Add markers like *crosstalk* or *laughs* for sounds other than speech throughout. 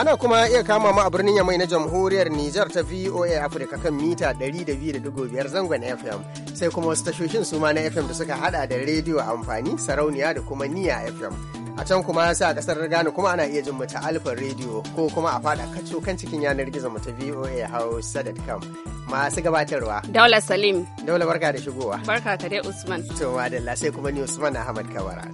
Ana kuma iya kama mu a birnin Yamai na Jamhuriyar Nijar ta VOA Africa kan mita 200.5 zangon FM. Sai kuma wasu tashoshin suma na FM da suka hada da rediyo amfani, sarauniya da kuma niya FM. A can kuma sai a kasar Ghana kuma ana iya jin mu ta Alfa rediyo ko kuma a fada kacho kan cikin yanar gizo mu ta VOA Hausa.com. Masu gabatarwa. Daula Salim. Daula barka da shigowa. Barka ka dai Usman. Tuma da sai kuma ni Usman Ahmad Kawara.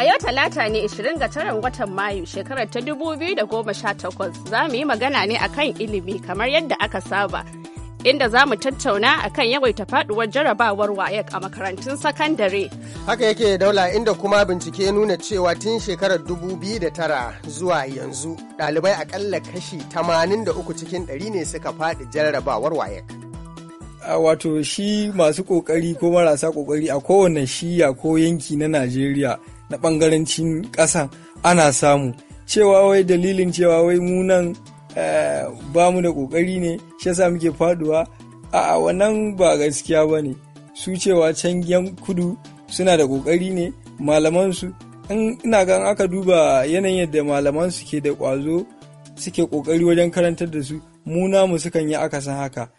A yau talata ne 20 ga taron watan Mayu shekarar ta 2018 za mu yi magana ne akan ilimi kamar yadda aka saba. Inda za mu tattauna akan yawaita faduwar jarabawar wayek a makarantun sakandare. Haka yake daula inda kuma bincike nuna cewa tun shekarar 2009 zuwa yanzu ɗalibai akalla kashi 83 cikin 100 ne suka faɗi jarabawar wayek. a wato shi masu kokari ko marasa kokari a kowane shiya ko yanki na najeriya na ɓangarancin ƙasa ana samu cewa wai dalilin cewa wai munan eh, ba mu da ƙoƙari ne shi yasa muke faduwa a wannan ba gaskiya ba ne su cewa can kudu suna da ƙoƙari ne malamansu ina gan aka duba yanayin yadda malaman suke da ƙwazo suke ƙoƙari wajen karantar da su mu namu sukan yi akasin haka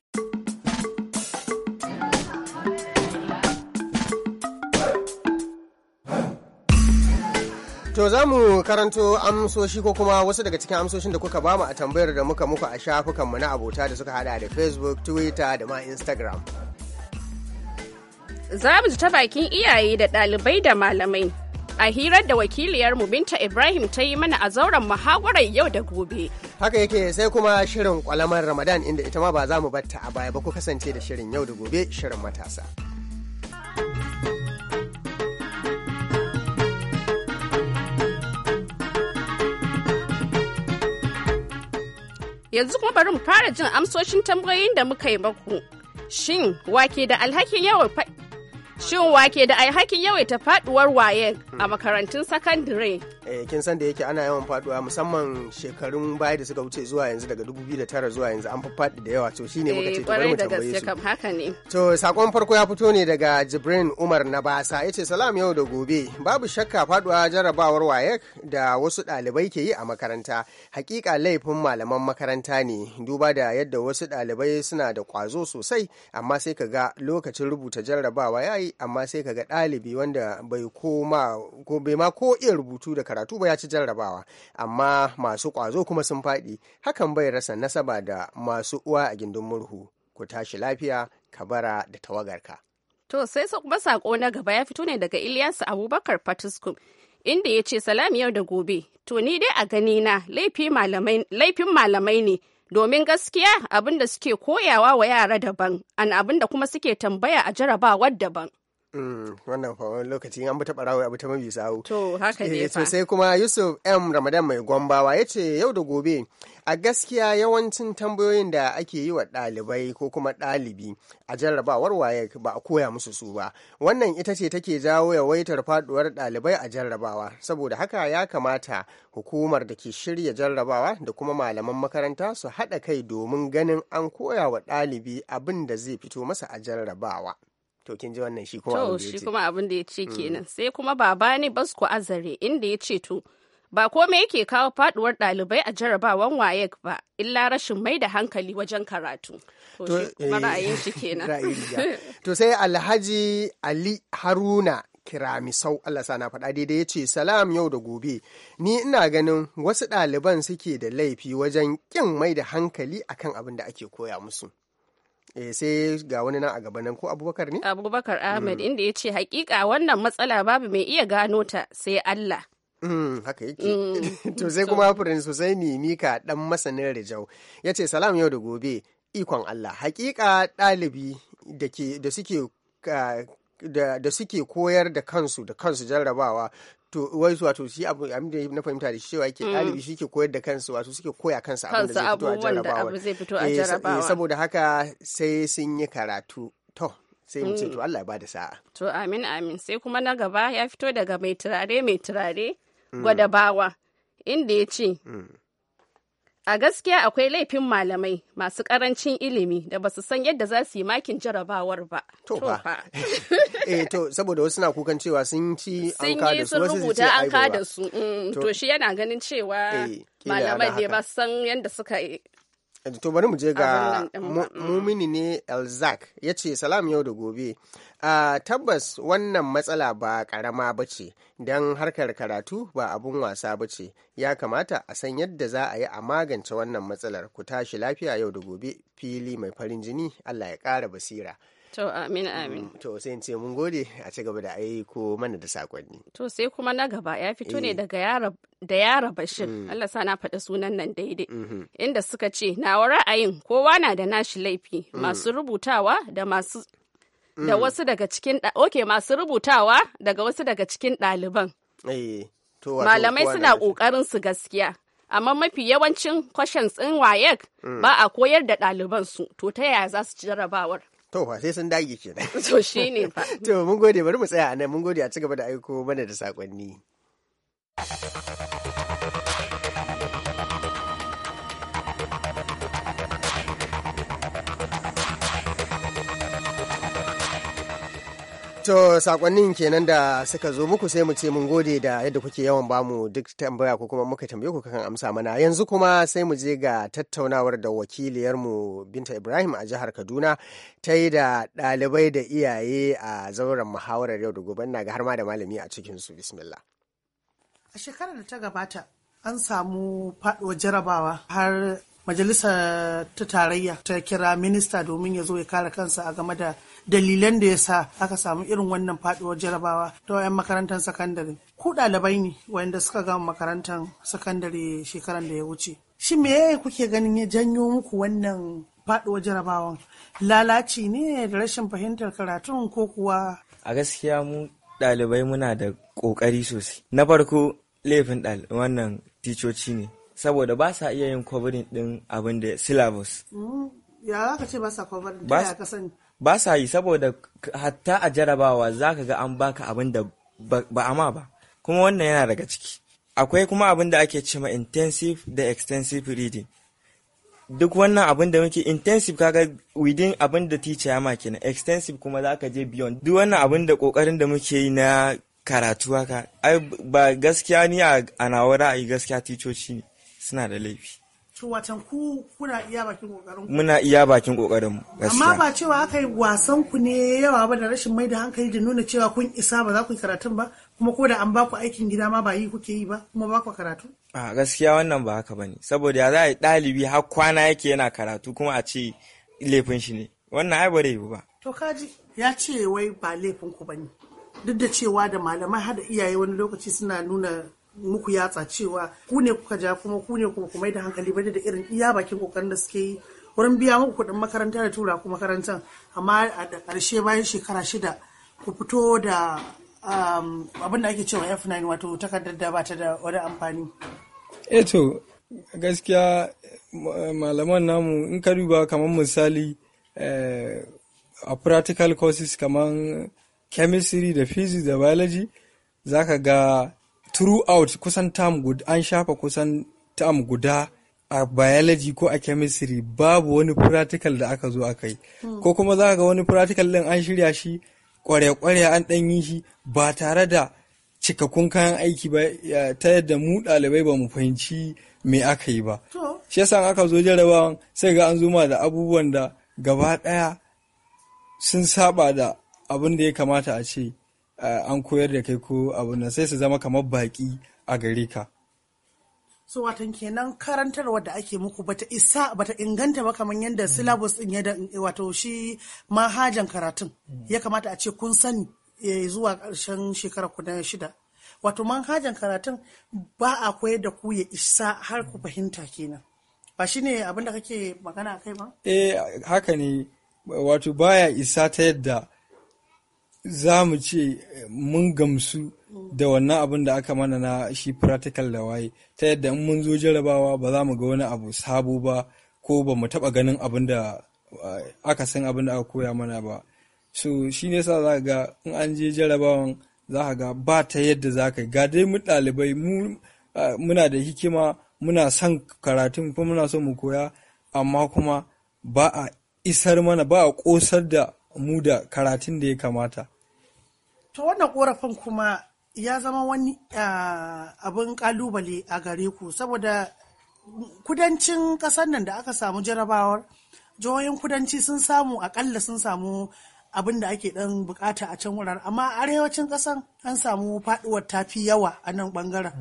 To za mu karanto amsoshi ko kuma wasu daga cikin amsoshin da kuka ba mu a tambayar da muka muku a shafukan mu na abota da suka hada da Facebook, Twitter da ma Instagram. Za mu ta bakin iyaye da ɗalibai da malamai. A hirar da wakiliyar mu Binta Ibrahim ta yi mana a zauren muhawarar yau da gobe. Haka yake sai kuma shirin kwalamar Ramadan inda ita ma ba za mu batta a baya ba ku kasance da shirin yau da gobe shirin matasa. Yanzu kuma bari mu fara jin amsoshin tambayoyin da muka yi maku. Shin wake da alhakin yawan Shin wake da alhakin yawaita faduwar waye a makarantun sakandare? Eh, kin san da yake ana yawan faduwa musamman shekarun baya da suka wuce zuwa yanzu daga 2009 zuwa yanzu an faɗi da yawa to shine muka ce bari mu eh, tambaye su haka ne to sakon farko ya fito ne daga Jibrin Umar na Basa yace salam yau da gobe babu shakka faduwa jarabawar wayek da wasu ɗalibai ke yi a makaranta hakika laifin malaman makaranta ne duba da yadda wasu ɗalibai suna da kwazo sosai amma sai ka ga lokacin rubuta jarabawa yayi amma sai ka ga ɗalibi wanda bai ko ko bai ma ko iya rubutu da karatu ba ya ci jarrabawa amma masu kwazo kuma sun faɗi hakan bai rasa nasaba da masu uwa a gindin murhu ku tashi lafiya ka bara da tawagarka. To sai kuma sako na gaba ya fito ne daga Ilyas Abubakar Fatuskum inda ya ce salam yau da gobe to ni dai a gani na laifin malamai ne domin gaskiya abin da suke koyawa wa yara daban an abin da kuma suke tambaya a jarabawar daban. Mm, wannan fa lokaci an bi taɓa rawai abu ta mabi sawu to haka ne eh, fa sai kuma Yusuf M Ramadan mai gombawa yace yau da gobe a gaskiya yawancin tambayoyin da ake yi wa ɗalibai ko kuma ɗalibi a jarrabawar waye ba a koya musu su ba wannan ita ce take jawo yawaitar faduwar ɗalibai a jarrabawa saboda haka ya kamata hukumar da ke shirya jarrabawa da kuma malaman makaranta su haɗa kai domin ganin an koya wa ɗalibi abin da zai fito masa a jarrabawa. to kin ji wannan shi kuma to shi kuma abin da ya ce mm. kenan sai kuma baba ne basku azare inda ya ce to ba komai yake kawo faduwar dalibai a jarabawan wayek ba illa rashin mai da hankali wajen karatu to eh, ra'ayin shi kenan *laughs* *laughs* to sai alhaji ali haruna kiramisau Allah sana faɗa daidai ya ce salam yau da gobe ni ina ganin wasu ɗaliban suke da laifi wajen ƙin mai da hankali akan abin da ake koya musu eh sai ga wani nan a gaba nan ko abubakar ne abubakar mm. ahmed inda ya ce hakika wannan matsala babu mai iya gano ta sai allah Mm, haka yake. Mm. *laughs* to sai kuma Prince Hussein Mika dan masanin Rijau ya ce salam yau da gobe ikon Allah hakika ɗalibi da suke da suke koyar da kansu da kansu jarrabawa to wai su wato shi abu abin da na fahimta da shi cewa yake mm. ɗalibi shi ke koyar da kansu wato suke koya kansa abin da zai fito a jarabawa eh, eh, saboda haka sai sun yi karatu to sai mu ce mm. to Allah ya bada sa'a to amin amin sai kuma na gaba ya fito daga mai turare mai turare mm. gwada bawa inda ya ce a gaskiya akwai laifin malamai masu karancin ilimi da ba su san yadda za su yi makin jarabawar ba. To ba. *laughs* eh to saboda wasu na kukan cewa sun ci an ka da su wasu sun rubuta an ka da su mm, to shi yana ganin cewa eh, malamai ne ba san yadda suka yi. Eh, to bari mu je ga mm. mumini ne Elzak ya ce salam yau da gobe. a ah, tabbas wannan matsala ba karama ba ce don harkar karatu ba abun wasa ba ce ya kamata a san yadda za a yi a magance wannan matsalar ku tashi lafiya yau da gobe fili mai farin jini Allah ya ƙara basira. To amin amin. Mm, to sai ce mun gode a ci gaba da aiko mana da sakonni. To sai kuma na gaba ya fito ne eh. daga da yara bashir mm. Allah sa na faɗi sunan nan daidai mm-hmm. inda suka ce nawa ra'ayin kowa na da nashi laifi mm. masu rubutawa da masu da wasu daga cikin ok masu rubutawa daga wasu daga cikin ɗaliban. Eh, Malamai suna ƙoƙarin su gaskiya. amma mafi yawancin kwashen tsin wayek ba a koyar da ɗaliban su to ta yaya za su ci jarabawar To fa sai sun dage kenan. *laughs* To shi ne fa. To mun gode bari mu tsaya a nan mun gode a cigaba da aiko mana da sakonni. To sakonnin kenan da suka zo muku sai mu ce mun gode da yadda kuke yawan bamu duk tambaya ko kuma muka tambaye ku kan amsa mana yanzu kuma sai mu je ga tattaunawar da wakiliyarmu Binta Ibrahim a jihar Kaduna ta yi da ɗalibai da iyaye a zauren muhawarar yau da gobe na ga har ma da malami a cikin su bismillah. A shekarar da ta gabata an samu faɗuwar jarabawa har majalisa ta tarayya ta kira minista domin ya zo ya kare kansa a game da dalilan da ya sa aka samu irin wannan faduwar jarabawa ta wayan makarantar sakandare ku ɗalibai ne wanda suka gama makarantar sakandare shekaran da ya wuce shi me kuke ganin ya janyo muku wannan faduwar jarabawan lalaci ne da rashin fahimtar karatun ko kuwa a gaskiya mu ɗalibai muna da ƙoƙari sosai na farko laifin wannan ticoci ne saboda ba sa iya yin covering din abin da syllabus mm, ya ka ce ba sa covering da ya kasance ba sa yi saboda hatta a jarabawa za ka ga an baka abin da ba a ma ba kuma wannan yana daga ciki akwai kuma abin da ake cima intensive da extensive reading duk wannan abin da muke intensive kaga within abin da teacher ya maki na extensive kuma za ka je beyond duk wannan abin da kokarin da muke yi na karatu haka ai ba gaskiya ni a nawa ra'ayi gaskiya ticoci ne suna da laifi watan ku kuna iya bakin kokarin muna iya bakin kokarin gaskiya amma ba cewa aka yi wasan ku ne yawa ba da rashin mai da hankali da nuna cewa kun isa ba za ku yi karatun ba kuma ko da an ba ku aikin gida ma ba yi kuke yi ba kuma ba ku karatu a gaskiya wannan ba haka bane saboda ya za a yi ɗalibi har kwana yake yana karatu kuma a ce laifin shi ne wannan ai ba ba to kaji ya ce wai ba laifin ku bane duk da cewa da malamai har da iyaye wani lokaci suna nuna muku yatsa cewa ku ne kuka ja kuma ku ne kuma kuma da hankali bane da irin iya bakin kokarin da suke yi wurin biya muku kuɗin makaranta da tura ku makarantar amma a ƙarshe bayan shekara shida ku fito da um, abin da ake cewa F9 wato takardar da bata da wani amfani. Eto eh gaskiya eh, malaman namu in ka duba kamar misali eh, a practical courses kamar chemistry da physics da biology zaka ga throughout kusan an shafa kusan term guda a biology ko a chemistry babu wani practical da aka zo aka yi ko kuma za ga wani practical din an shirya shi kware-kware an ɗan yi shi ba tare da cikakkun kayan aiki ba ta yadda mu ɗalibai ba mu fahimci me aka yi ba shi yasa aka zo jarabawan sai ga an zuma da abubuwan da gaba ɗaya sun saba da abin da ya kamata a ce Eh, an koyar da kai ko abu nan sai su zama kamar baki a gare ka so watan kenan karantarwa da ake muku bata isa bata inganta ba kamar yadda syllabus ɗin yadda wato shi mahajan karatun ya kamata a ce kun sani eh, zuwa ƙarshen shekara ku shida wato manhajan karatun ba a koyar da ku ya isa har ku fahimta kenan ba ne abin da kake magana kai ba eh haka ne wato baya isa ta yadda za mu ce eh, mun gamsu da wannan abin da aka mana na shi practical da waye ta yadda in mun zo jarabawa ba za mu ga wani abu sabo ba ko ba mu taba ganin abin da eh, aka san abin da aka koya mana ba so shi ne sa za ga in an je jarabawan za ka ga ba ta yadda za ka ga dai mu ɗalibai eh, muna da hikima muna son karatun kuma muna son mu koya amma kuma ba a isar mana ba a ƙosar da mu da karatun da ya kamata To wannan korafin kuma ya zama wani abin kalubale a gare ku saboda kudancin ƙasar nan da aka samu jarabawar jihohin kudanci sun samu akalla sun samu abin da ake dan bukata a can wurare amma arewacin kasar an samu faduwar tafi yawa a nan bangaren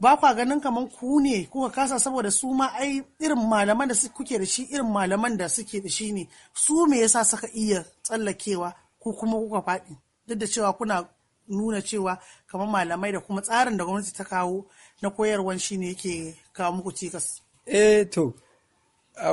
ba kwa ganin kamar ku ne kuka kasa saboda su ma ai irin malaman da kuke da shi irin malaman da suke da shi ne su me yasa suka iya tsallakewa ko kuma kuka faɗi duk da cewa kuna nuna cewa kamar malamai da kuma tsarin da gwamnati ta kawo na koyarwan shi ne yake kawo muku cikas. Eh to,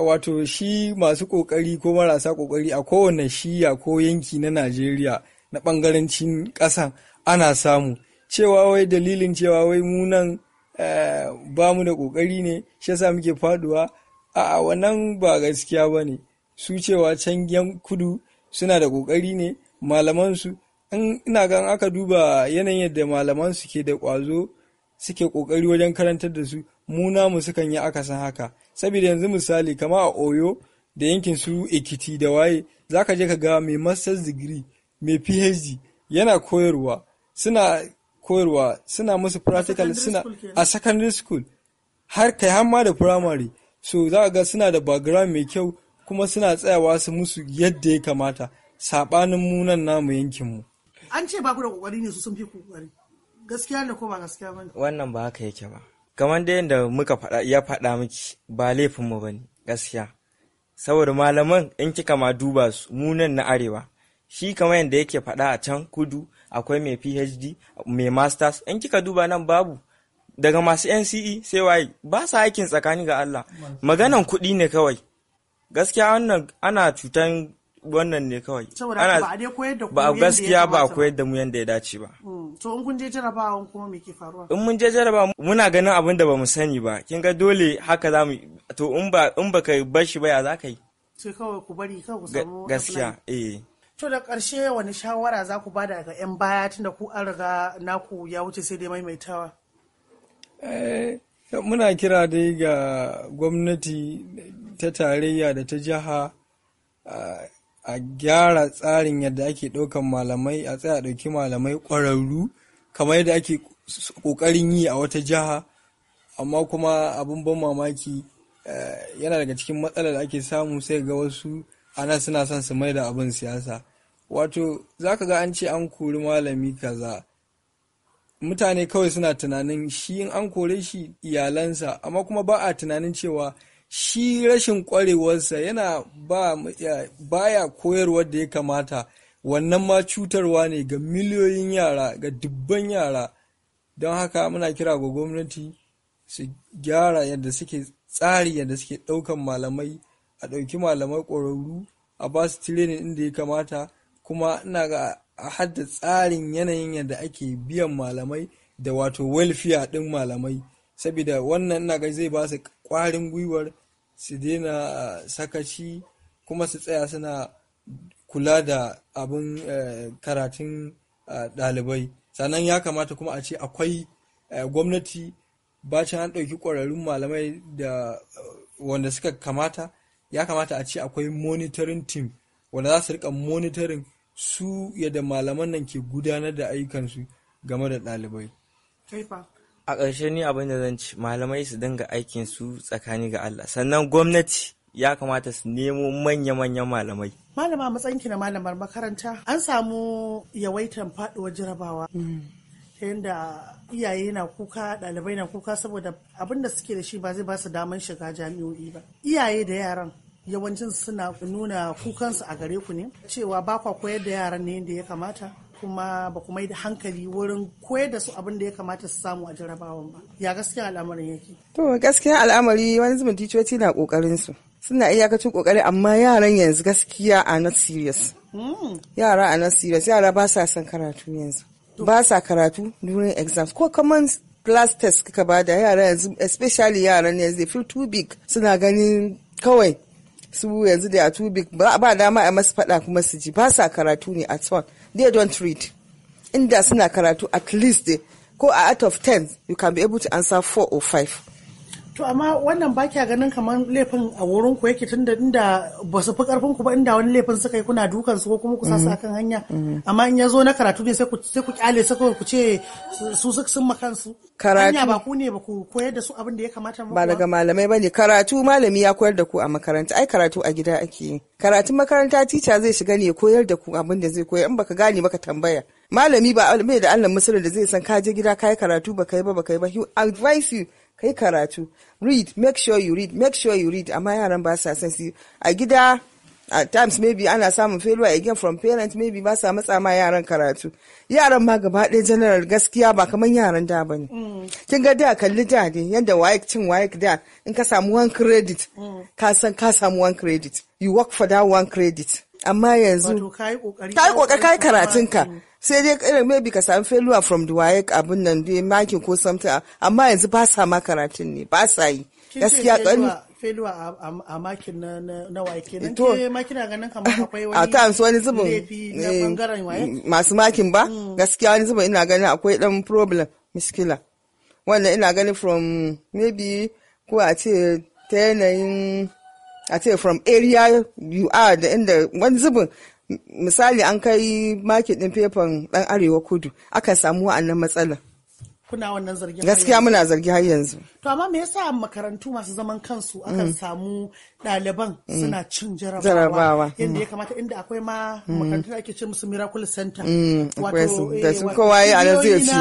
wato shi masu kokari ko marasa kokari a kowane shiya ko yanki na Najeriya na bangarancin ƙasan ana samu. Cewa wai dalilin cewa wai munan eh, ba mu da kokari ne, shi yasa muke faduwa a wannan ba gaskiya ba ne. Su cewa can kudu suna da kokari ne, malamansu ina gan aka duba yanayin yadda malaman suke da ƙwazo suke ƙoƙari wajen karantar da su mu namu sukan yi akasin haka saboda yanzu misali kama a oyo da yankin su ekiti da waye za ka je ka ga mai masters degree mai phd yana koyarwa suna koyarwa suna musu practical suna a secondary school har kai har ma da primary so za ka ga suna da background mai kyau kuma suna tsayawa su musu yadda ya kamata saɓanin munan namu yankinmu an ce ba ku da kokari ne su sun fi ku kokari gaskiya ne ko ba gaskiya bane wannan ba haka yake ba kamar da yadda muka faɗa ya faɗa miki ba laifin mu bane gaskiya saboda malaman in kika ma duba su mu na arewa shi kamar yadda yake faɗa a can kudu akwai mai phd mai masters in kika duba nan babu daga masu nce sai waye ba sa aikin tsakani ga allah maganan kuɗi ne kawai gaskiya wannan ana cutan wannan ne kawai ana ba a gaskiya ba a koyar da mu yadda ya dace ba hmm. to in kun je jarabawa kuma me ke faruwa in mun je jarabawa muna ganin abin da bamu sani ba kin ga dole haka za mu to in ba in baka bar shi ba ya za ka yi sai kawai ku bari kawai ku samu gaskiya eh to da ƙarshe wani shawara za ku bada ga 'yan baya tunda ku an riga naku ya wuce sai dai maimaitawa eh, muna kira dai ga gwamnati ta tarayya da ta jiha ah, a gyara tsarin yadda ake ɗaukan malamai a tsaya ɗauki malamai ƙwararru kamar yadda ake ƙoƙarin yi a wata jiha amma kuma abin ban mamaki eh, yana daga cikin matsalar da ake samu sai ga wasu ana suna son su mai da abin siyasa wato za ka ga an ce an kori malami kaza mutane kawai suna tunanin shi in an kore shi iyalansa amma kuma ba a tunanin cewa shi rashin kwarewarsa yana ba ya koyarwar da ya kamata wannan ma cutarwa ne ga miliyoyin yara ga dubban yara don haka muna kira ga gwamnati su gyara yadda suke tsari yadda suke ɗaukan malamai a ɗauki malamai ƙwararru a ba su tirenin inda ya kamata kuma ina ga a hadda tsarin yanayin yadda ake biyan malamai da wato welfare ɗin malamai saboda wannan ina ga zai ba su ƙwarin gwiwar su daina sakaci kuma su tsaya suna kula da abin eh, karatun eh, ɗalibai sannan ya kamata kuma a ce akwai eh, gwamnati bacin an ɗauki ƙwararrun malamai da wanda suka kamata ya kamata a ce akwai monitoring team wanda za su rika monitoring su yadda malaman nan ke gudanar da ayyukansu game da ɗalibai. a ƙarshe ni abin da zan ci malamai su dinga aikin su tsakani ga Allah sannan gwamnati ya kamata su nemo manya-manyan malamai. Malama matsayinki na malamar makaranta an samu yawaitan faɗuwar jarabawa. ta yadda iyaye na kuka ɗalibai na kuka saboda abin da suke da shi ba zai ba su damar shiga jami'o'i ba iyaye da yaran yawancin suna nuna kukansu a gare ku ne cewa ba kwa koyar da yaran ne yadda ya kamata kuma ba ku mai da hankali wurin koyar da su abin da ya kamata su samu a jarabawan ba ya gaskiya al'amarin yake to gaskiya al'amari wani zubin ticoci na kokarin su suna iyakacin kokari amma yaran yanzu gaskiya a not serious hmm. yara a not serious yara ba sa son karatu yanzu ba sa karatu during exams ko kaman class test kika bada yara yanzu especially yaran yanzu they feel too big suna ganin kawai su yanzu da a too ba dama a masu fada kuma su ji ba sa karatu ne at all they don't read inda suna karatu at least go out of 10 you can be able to answer 4 or 5 To amma wannan ba kya ganin kamar laifin a wurin ku yake tunda inda ba su fi karfin ku ba inda wani laifin suka yi kuna dukan su ko kuma ku sasa mm-hmm. kan hanya mm-hmm. amma in ya zo na karatu ne sai ku kyale sai ku ce su su sun makan su karatu ba ku ne ba ku koyar da su abin da ya kamata ba daga malamai bane karatu malami ya koyar da ku a makaranta ai karatu a gida ake yi karatun makaranta tica zai shiga ne koyar da ku abin da zai koyar in baka gane baka tambaya malami ba mai da Allah musulun da zai san ka je gida kai karatu ba yi ba ba yi ba he advise you kai karatu read make sure you read make sure you read amma yaran ba sa son su a gida at times maybe ana samun failure again from parents maybe ba sa matsa ma yaran karatu yaran ma gaba ɗaya general gaskiya ba kamar yaran da bane mm. kin ga da kalli da ne yanda waye cin waye da in ka samu one credit mm. ka san ka samu one credit you work for that one credit amma yanzu ka yi kokari kai karatun ka sai dai irin maybe ka sami failure from the WAEC abin nan dai makin ko something amma yanzu ba sa ma karatun ne ba sa yi gaskiya failure a makin na makina ganin kamar akwai wani times wani zubin eh, masu makin ba mm. gaskiya wani zubin ina ganin akwai dan problem miskila wannan ina ganin from maybe ko a ce ta yanayin a ce from area you are da inda wani zubin misali an kai makin ɗin fefan ɗan arewa kudu akan samu wa'annan matsalar kuna wannan zargin gaskiya muna zargi har yanzu to amma me yasa makarantu masu zaman kansu akan mm. samu ɗaliban mm. suna cin jarabawa yadda ya mm. kamata inda akwai ma makarantu ake ce musu miracle center wato da eh, su kowa ya ana zai ci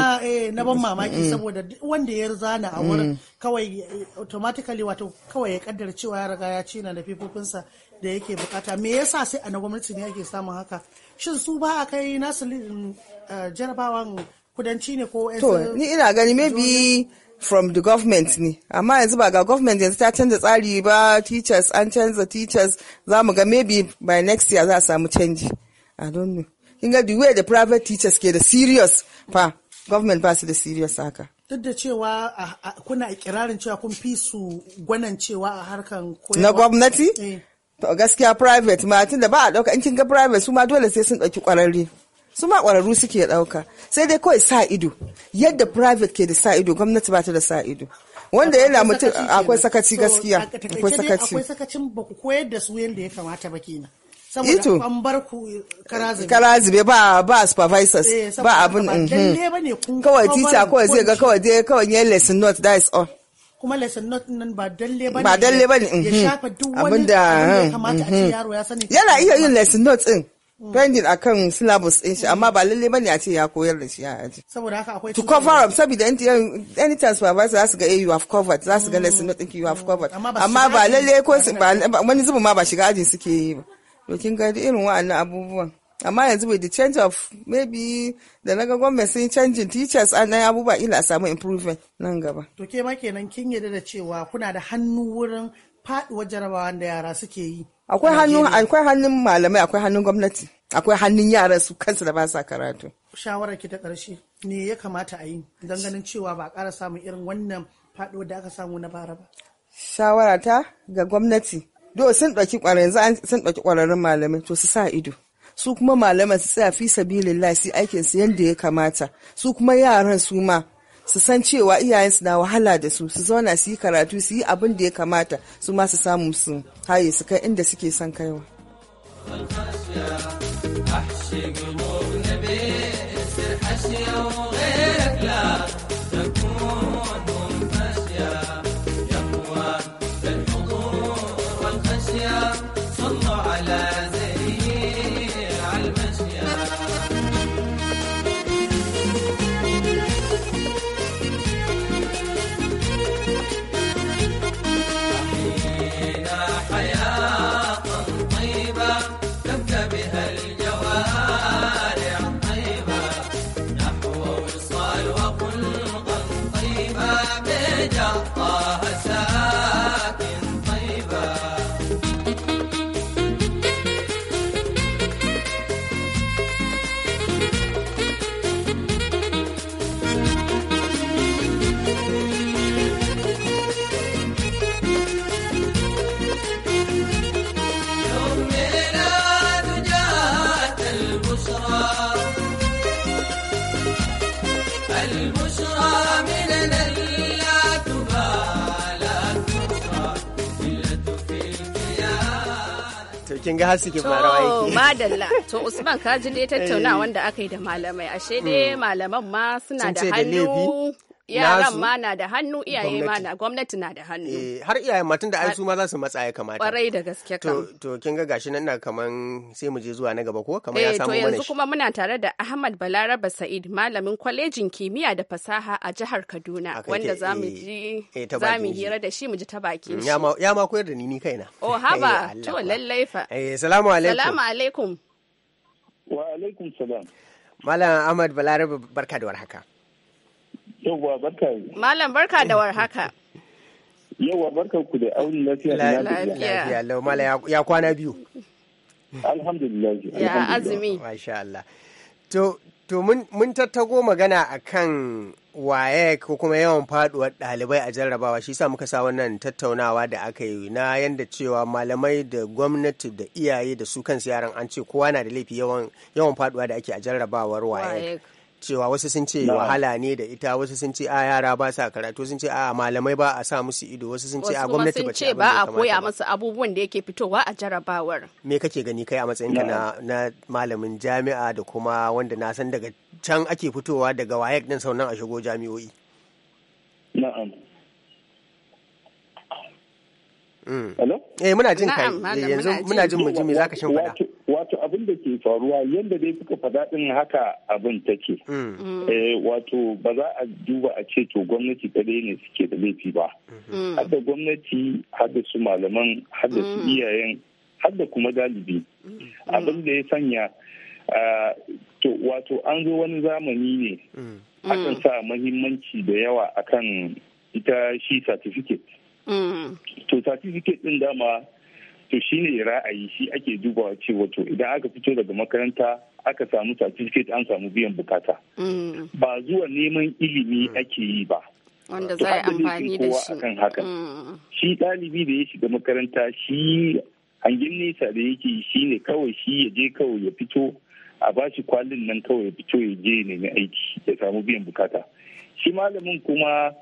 na ban mamaki saboda wanda ya zana a wurin kawai eh, automatically wato kawai ya kaddara cewa ya riga ya ci na da fifofinsa da yake bukata me yasa sai a na gwamnati ne ake samun haka shin su ba a kai nasu eh, jarabawan kudanci ne ko to ni ina gani maybe from the government ne amma yanzu ba ga government yanzu ta canza tsari ba teachers an canza teachers za mu ga maybe by next year za a samu canji i don't know kin ga the way the private teachers ke da serious fa government ba su da serious haka duk da cewa kuna ikirarin cewa kun fi su gwanan cewa a harkan koyarwa na gwamnati eh. To gaskiya private ma tunda ba a ɗauka in kin ga private su ma dole sai sun ɗauki ƙwararre. Su ma ƙwararru suke ɗauka. Sai dai kawai sa ido. Yadda private ke da sa ido gwamnati ba ta da sa ido. wanda yana mutum akwai sakaci gaskiya akwai sakaci akwai sakacin ba ku koyar da su yadda ya kamata ba kenan eh saboda an bar ku karazube ba ba supervisors eh, ba abin mhm. kawai tita kawai zai ga kawai dai kawai yin lesson note that is all kuma lesson note nan ba dalle ba ne ba dalle ba ne ya mhm. shafa duk wani abinda mhm, kamata a ce mhm. yaro ya sani yana iya yin lesson note din mm. pending akan syllabus din shi amma ba lalle ba ne a ce ya koyar da shi saboda haka akwai to cover up saboda any time supervisor za su ga eh, you have covered za su ga lesson note din you have mm. covered amma ba lalle ko wani zubu ma ba shiga ajin suke yi ba to kin ga irin wa'annan abubuwan amma yanzu with the change of maybe da naga gwamnati sun canjin teachers an dan abubuwa ila a samu improvement nan gaba to ke ma kenan kin yarda da cewa kuna da hannu wurin faduwar jarabawa da yara suke yi akwai hannun akwai hannun malamai akwai hannun gwamnati akwai hannun yara su kansu da ba sa karatu shawarar ki ta karshe ne ya kamata a yi don ganin cewa ba a ƙara samun irin wannan faduwar da aka samu na bara ba shawara ta ga gwamnati do sun ɗauki ƙwararrun malamai to su sa ido su kuma malaman su tsaya fi sabilillah su aikin su yadda ya kamata su kuma yaran su ma su san cewa iyayensu na wahala da su su zauna su yi karatu su yi abin da ya kamata su ma su samu su haye su kai inda suke son kaiwa. kin ga har suke fara aiki. madalla. To Usman ka ji dai tattaunawa wanda eh. aka yi da malamai ashe dai hmm. malaman ma suna da hannu yaran ma na da hannu iyaye ma na gwamnati na da hannu eh, har iyayen matan da ai su ma za su matsa ya kamata kwarai da gaske kam to kin ga gashi nan na kaman sai mu je zuwa na gaba ko kamar ya eh, samu mana to yanzu kuma muna tare da Ahmad Balaraba Sa'id malamin kwalejin kimiyya da fasaha a jihar Kaduna wanda za mu eh, ji za mu hira da shi mu ji ta baki mm, shi ya ma koyar da ni ni kaina oh haba *laughs* to lallai fa eh salamu alaikum salamu alaikum wa alaikum salam malam Ahmad Balaraba barka da warhaka Yauwa barka. Malam barka da haka Yauwa barka ku da auni lafiya da lafiya. Lafiya malam ya kwana biyu. Alhamdulillah. Ya azumi. Masha Allah. To to mun tattago magana akan waye ko kuma yawan faduwar ɗalibai a jarrabawa shi sa muka sa wannan tattaunawa da aka yi na yadda cewa malamai da gwamnati da iyaye da su kansu yaran an ce kowa na da laifi yawan faduwa da ake a jarrabawar waye cewa wasu sun ce wahala ne da ita wasu sun ce a yara ba sa karatu sun ce a malamai ba a sa musu ido wasu sun ce a gwamnati ba ce ba a koya masu abubuwan da yake fitowa a jarabawar me kake gani kai a matsayin ka na malamin jami'a da kuma wanda na san daga can ake fitowa daga wayek din saunan a shigo jami'o'i na'am Mm. Eh muna jin kai eh, yanzu muna jin mu ji me zaka shin fada. Wato abin da ke faruwa yadda dai kuka faɗa din haka abin take. Mm. Mm. Eh wato ba za a duba a ce to gwamnati kadai ne suke da laifi ba. Hadda gwamnati hadda su malaman hadda su iyayen hadda kuma dalibi. Abin da ya sanya to wato an zo wani zamani ne akan sa mahimmanci da yawa akan ita shi certificate. To certificate din dama to shi ne ra'ayi shi ake dubawa cewa to idan aka fito daga makaranta aka samu certificate an samu biyan bukata. Mm. Ba zuwa neman ilimi mm. ake yi ba. Wanda za a amfani da shi. akan haka mm. Shi ɗalibi da ya shiga makaranta shi hangin nesa da yake shi ne kawai shi ya je kawai ya fito a bashi kwalin nan kawai ya fito ya je ya nemi aiki ya samu biyan bukata. Shi malamin kuma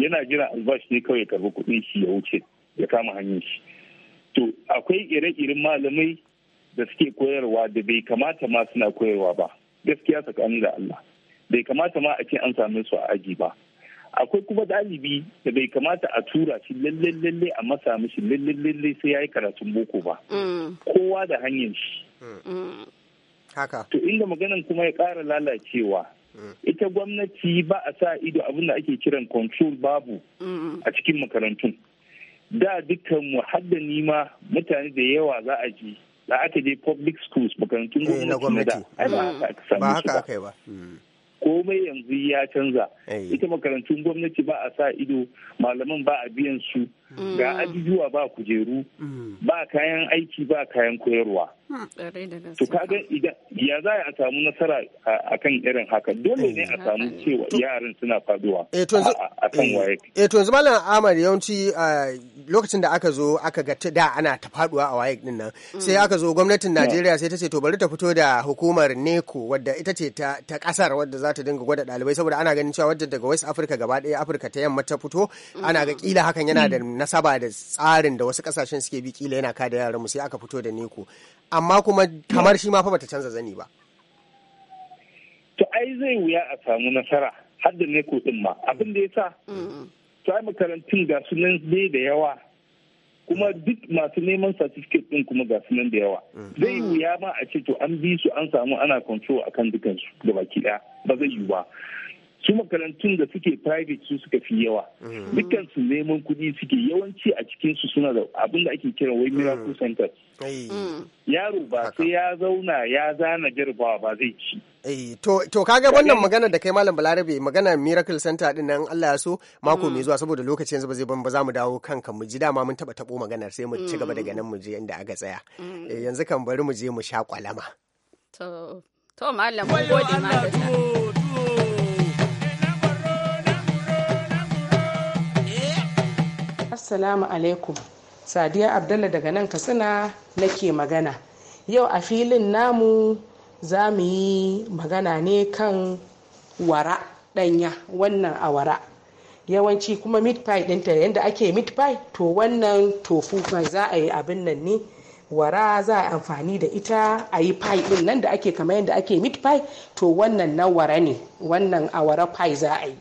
yana jira albashi ne kawai ya karbi kuɗin shi ya wuce ya kama hanyar shi to akwai ire-iren malamai da suke koyarwa da bai kamata ma suna koyarwa ba gaskiya tsakanin da Allah bai kamata ma a ce an same su a aji ba akwai kuma dalibi da bai kamata a tura shi lalle lalle a masa mishi lalle lalle sai yayi karatun boko ba mm. kowa da hanyar shi mm. haka to inda maganan kuma ya ƙara lalacewa ita gwamnati ba a sa ido abin da ake kiran control babu a cikin makarantun da dukkan mu hadda nima mutane da yawa za a ji da aka je public schools makarantun eh, gwamnati ba mm. haka aka ba mm. komai yanzu ya canza eh. ita makarantun gwamnati ba a sa ido malaman ba a biyan su ga mm. ajujuwa ba kujeru mm. ba kayan aiki ba kayan koyarwa mm, to kaga idan ya za a samu nasara a kan irin haka dole ne a samu cewa yaran suna faduwa eh, a kan eh, waye eh to yanzu malam Ahmad yawanci lokacin da aka zo aka ga da ana ta faduwa a waye din nan sai aka zo gwamnatin Najeriya sai ta ce to bari ta fito da hukumar NECO wadda ita ce ta ta kasar wadda za ta dinga gwada dalibai saboda ana ganin cewa wadda daga West Africa gaba daya Africa ta yamma ta fito ana ga kila hakan yana da nasaba da tsarin da wasu kasashen suke bi kila yana kada yaran mu sai aka fito da neko amma kuma kamar shi ma fa bata canza zani ba to ai zai wuya a samu nasara har da neko din ma abin da yasa mm-hmm. to ai makarantun ga nan dai da yawa kuma duk masu neman certificate din kuma ga nan da yawa mm. zai wuya ma a ce to an bi su an samu ana control akan dukansu da baki daya ba zai yi ba su makarantun da suke private su suka fi yawa mm. dukkan su neman kuɗi suke yawanci a cikin su suna da abin da ake kira wai miracle mm. center mm. yaro ba sai ya zauna ya zana jarabawa ba zai ci to to kaga wannan magana da kai malam balarabe magana miracle center din nan Allah ya so mako mai zuwa saboda lokacin yanzu ba zai ban ba za mu dawo kanka mu ji dama mun taba tabo maganar sai mu ci gaba daga nan mu je inda aka tsaya eh, yanzu kan bari mu je mu sha kwalama to to malam gode Assalamu alaikum. Sadiya Abdalla daga nan Katsina nake magana. Yau a filin namu za mu yi magana ne kan wara ɗanya wannan awara. Yawanci kuma meat pie ɗinta yadda ake meat pie to wannan tofu pie za a yi abin nan ne. Wara za a amfani da ita a yi pie ɗin nan da ake kama yadda ake meat pie to wannan na wara ne wannan awara pie za a yi.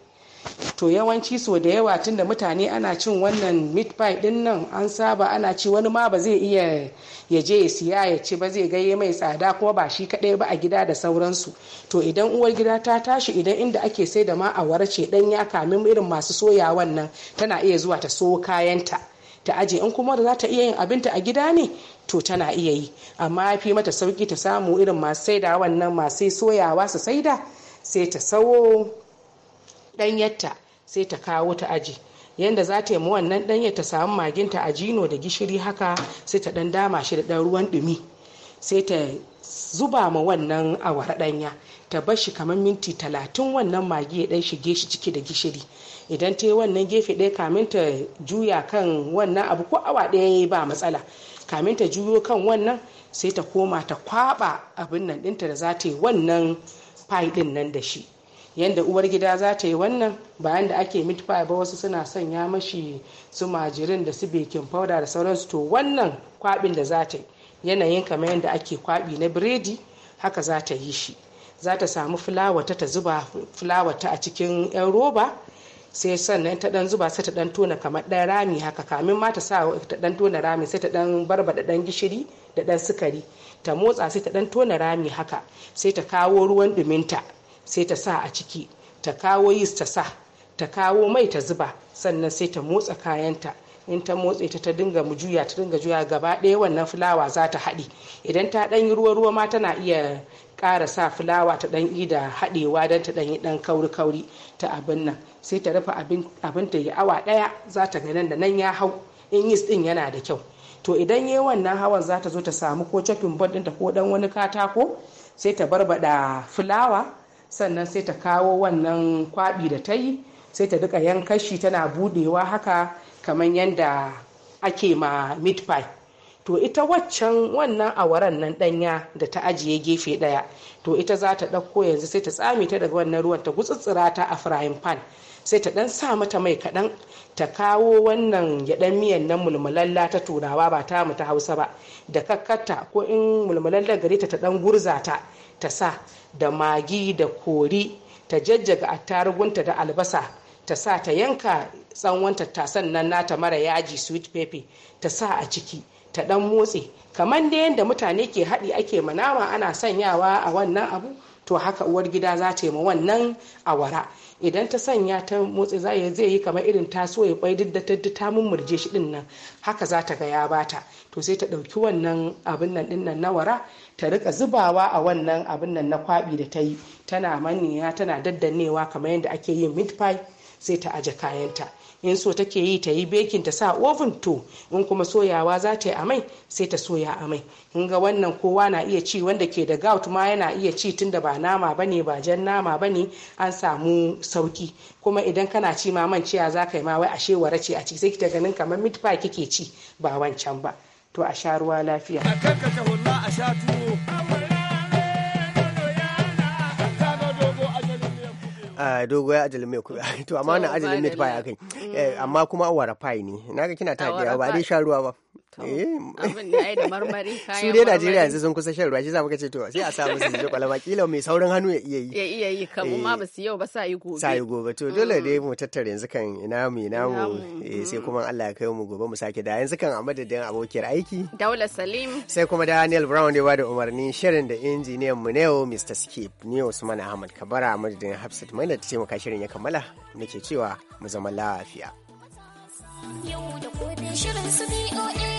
to yawanci so da yawa tunda mutane ana cin wannan meat pie din nan an saba ana ci wani ma ba zai iya ya je ya siya ya ci ba zai gaye mai tsada kuma ba shi kadai ba a gida da sauransu to idan uwar gida ta tashi idan inda ake sai da ma a ce dan ya kamin irin masu soya wannan tana iya zuwa ta so kayanta ta aje in kuma da za ta iya yin abinta a gida ne to tana iya yi amma ya fi mata sauki ta samu irin masu saida wannan masu soyawa su saida sai ta sawo ɗanyarta sai ta kawo ta aji yadda za ta yi ma wannan ɗanyar ta samu maginta a jino da gishiri haka sai ta ɗan dama shi da ɗan ruwan ɗumi sai ta zuba ma wannan awara ɗanya ta bar shi kamar minti talatin wannan magi ya ɗan shige shi ciki da gishiri idan ta yi wannan gefe ɗaya kamin ta juya kan wannan abu ko awa ɗaya ya yi ba matsala kamin ta juyo kan wannan sai ta koma ta kwaɓa abin nan ɗinta da za ta yi wannan fai ɗin nan da shi yanda uwar gida za ta yi wannan bayan da ake meat pie ba wasu suna sanya mashi su majirin da su bekin fauda da sauransu to wannan kwabin da za ta yi yanayin kamar yadda ake kwabi na biredi haka za ta yi shi za ta samu fulawata ta zuba fulawata a cikin 'yan roba sai sannan ta dan zuba sai ta dan tona kamar dan rami haka kamin ma ta sa ta dan tona rami sai ta dan barbada dan gishiri da dan sukari ta motsa sai ta dan tona rami haka sai ta kawo ruwan duminta sai ta sa a ciki ta kawo yis ta sa ta kawo mai ta zuba sannan sai ta motsa kayanta in ta motsa ta ta dinga mu juya ta dinga juya gaba ɗaya wannan fulawa za ta haɗi idan ta ɗan yi ruwa ruwa ma tana iya ƙara sa fulawa ta ɗan yi da haɗewa don ta ɗan yi ɗan kauri kauri ta abin nan sai ta rufe abin ta yi awa ɗaya za ta ga nan da nan ya hau in yis ɗin yana da kyau to idan yi wannan hawan za ta zo ta samu ko cafin bot ɗinta ko ɗan wani katako sai ta barbada fulawa sannan sai ta kawo wannan kwaɓi da ta yi sai ta duka yankashi tana budewa haka kamar yadda ake ma meat pie to ita waccan wannan awaran nan danya da ta ajiye gefe daya to ita za ta ɗauko yanzu sai ta tsame ta daga wannan ruwan ta gutsutsura ta a frying pan sai ta dan sa mata mai kaɗan ta kawo wannan gyaɗan miyan nan mulmulalla ta turawa ba ta mu ta hausa ba da kakkata ko in mulmulalla gare ta ta dan gurza ta ta sa da magi da kori ta jajjaga attarugunta da albasa ta sa ta yanka tsawon tattasan nan nata mara yaji sweet pepper ta sa a ciki ta dan motsi kamar da yadda mutane ke haɗi ake manama ana sanyawa a wannan abu to haka uwar gida za ta yi ma wannan awara idan ta sanya ta motsi zai yi kamar irin ta so ya kwai duk da ta ta mummurje shi din nan haka za ta ga ya bata to sai ta ɗauki wannan abin nan din nan na wara ta rika zubawa a wannan abin nan na kwabi da ta yi tana manniya tana daddannewa kamar yadda ake yin mid pie sai ta aje kayanta in so take yi ta yi bekin ta sa oven to in kuma soyawa za ta yi a mai sai ta soya a mai in ga wannan kowa na iya ci wanda ke da gout ma yana iya ci tunda ba nama bane ba jan nama bane an samu sauki kuma idan kana ci ma man ciya za ka yi ma wai ashe ware ce a ciki sai ki ganin kamar meat pie kike ci ba wancan ba to a sha ruwa lafiya dogo ya ajalin mai kuɓi *laughs* to amma na ajalin mai kai eh, amma kuma awara fai ne ga kina ta ba dai sha ruwa ba Eh. abin da ai da marmari *laughs* kayan su dai Najeriya yanzu sun kusa shan ruwa shi za muka ce to sai a sa musu ji kwalama kila mai saurin hannu ya iya yi ya iya yi kamu ma eh. ba su yau ba sa yi gobe sa yi gobe to dole mm. dai mu tattara yanzu kan ina mu ina mu eh, sai mm. kuma Allah ya kai mu gobe mu sake da yanzu kan a madadin abokiyar aiki Daula Salim sai kuma Daniel Brown da bada umarni shirin da injiniyan mu Neo Mr Skip ni Usman Ahmad Kabara madadin Hafsat Maina ta taimaka shirin ya kammala nake cewa mu zama lafiya Yau da gobe shirin su BOA